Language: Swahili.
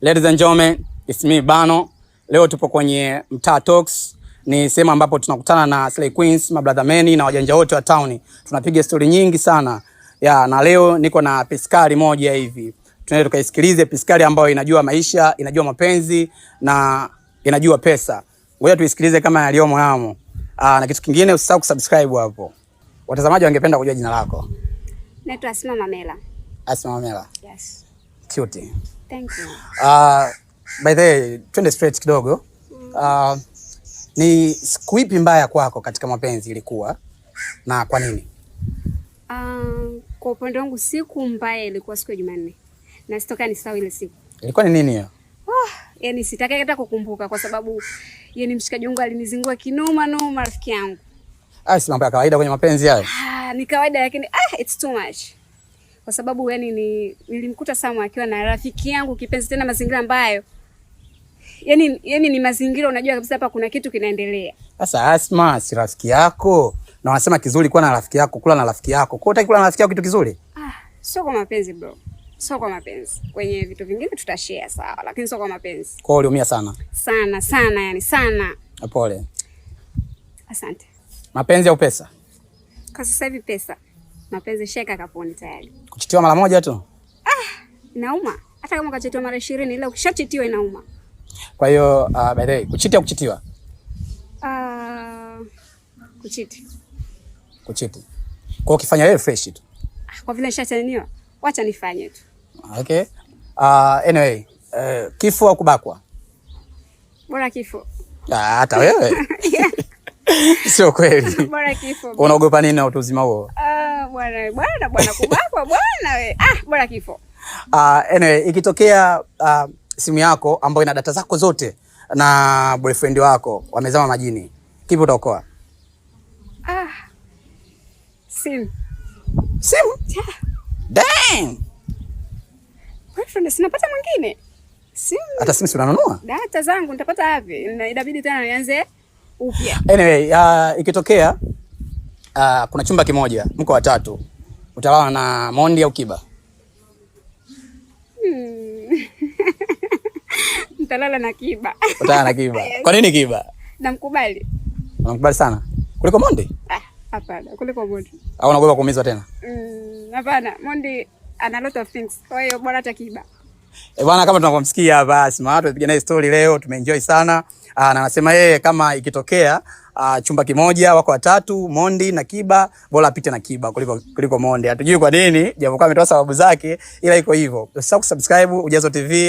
Ladies and gentlemen, it's me Bano. Leo tupo kwenye Mtaa Talks. Ni sehemu ambapo tunakutana na Slay Queens, mabrother Meni na wajanja wote wa town. Tunapiga story nyingi sana. Ya, na leo niko na piskari moja hivi. Tunaenda tukaisikilize piskari ambayo inajua maisha, inajua mapenzi na inajua pesa. Ngoja tuisikilize kama yaliomo hamo. Ah, na kitu kingine usisahau kusubscribe hapo. Watazamaji wangependa kujua jina lako. Naitwa Asma Mamela. Asma Mamela. Yes cute. Thank you. Uh, by the way, twende straight kidogo. Uh, ni siku ipi mbaya kwako katika mapenzi ilikuwa na kwa nini? Uh, kwa upande wangu siku mbaya ilikuwa siku ya Jumanne na sitoka ni sawa ile siku. Ilikuwa ni nini hiyo? Oh, yani sitaki hata kukumbuka kwa sababu yani mshikaji wangu alinizingua kinoma noma rafiki yangu. Ah, si mambo ya kawaida kwenye mapenzi hayo. Ah, ni kawaida lakini ah, it's too much kwa sababu yani ni nilimkuta Samu akiwa na rafiki yangu kipenzi, tena mazingira ambayo yani yani ni mazingira unajua kabisa hapa kuna kitu kinaendelea. Sasa Asma, si rafiki yako na wanasema kizuri kuwa na rafiki yako, kula na rafiki yako. Kwa hiyo kula na rafiki yako kitu kizuri? Ah, sio kwa mapenzi bro, sio kwa mapenzi. Kwenye vitu vingine tutashare sawa, lakini sio kwa mapenzi. Kwa hiyo uliumia sana sana sana, yani sana. Pole, asante. Mapenzi au pesa? Kwa sasa hivi pesa Mapenzi sheka kaponi tayari. Kuchitiwa mara moja tu? Ah, inauma. Hata kama ukachitiwa mara 20 ila ukishachitiwa inauma. Kwa hiyo uh, by the way, kuchiti au kuchitiwa? Ah, uh, kuchiti. Kuchiti. Kwa hiyo ukifanya wewe fresh tu. Ah, kwa vile nishachaniwa, wacha nifanye tu. Okay. Ah, uh, anyway, uh, kifo au kubakwa? Bora kifo. Ah, Hata wewe. Sio kweli. Bora kifo. Unaogopa nini na utuzima huo? Uh, bwana bwana bwana kubakwa bwana we ah, bwana kifo. Uh, anyway, ikitokea uh, simu yako ambayo ina data zako zote na boyfriend wako wamezama majini, kipi utaokoa? Ah, simu simu. Yeah. Damn, boyfriend sinapata mwingine simu. Hata simu unanunua? Data zangu nitapata wapi? Inabidi tena nianze upya. Anyway, uh, ikitokea uh, kuna chumba kimoja, mko watatu, utalala na Mondi au Kiba? Hmm. Utalala na Kiba. Utalala na Kiba. Yes. Kwa nini Kiba? Namkubali. Namkubali sana kuliko Mondi? Ah, hapana, kuliko Mondi. Au unaogopa kuumizwa tena? Mm, hapana, Mondi ana lot of things. Kwa hiyo bora hata Kiba. E, bwana kama tunavyomsikia hapa Smart tumepiga naye story leo, tumeenjoy sana. Aa, ah, na anasema yeye kama ikitokea Uh, chumba kimoja wako watatu Mondi na Kiba, bora apite na Kiba kuliko kuliko Mondi. Hatujui kwa nini, japokuwa ametoa sababu zake, ila iko hivyo. Usisahau kusubscribe Ujazo TV.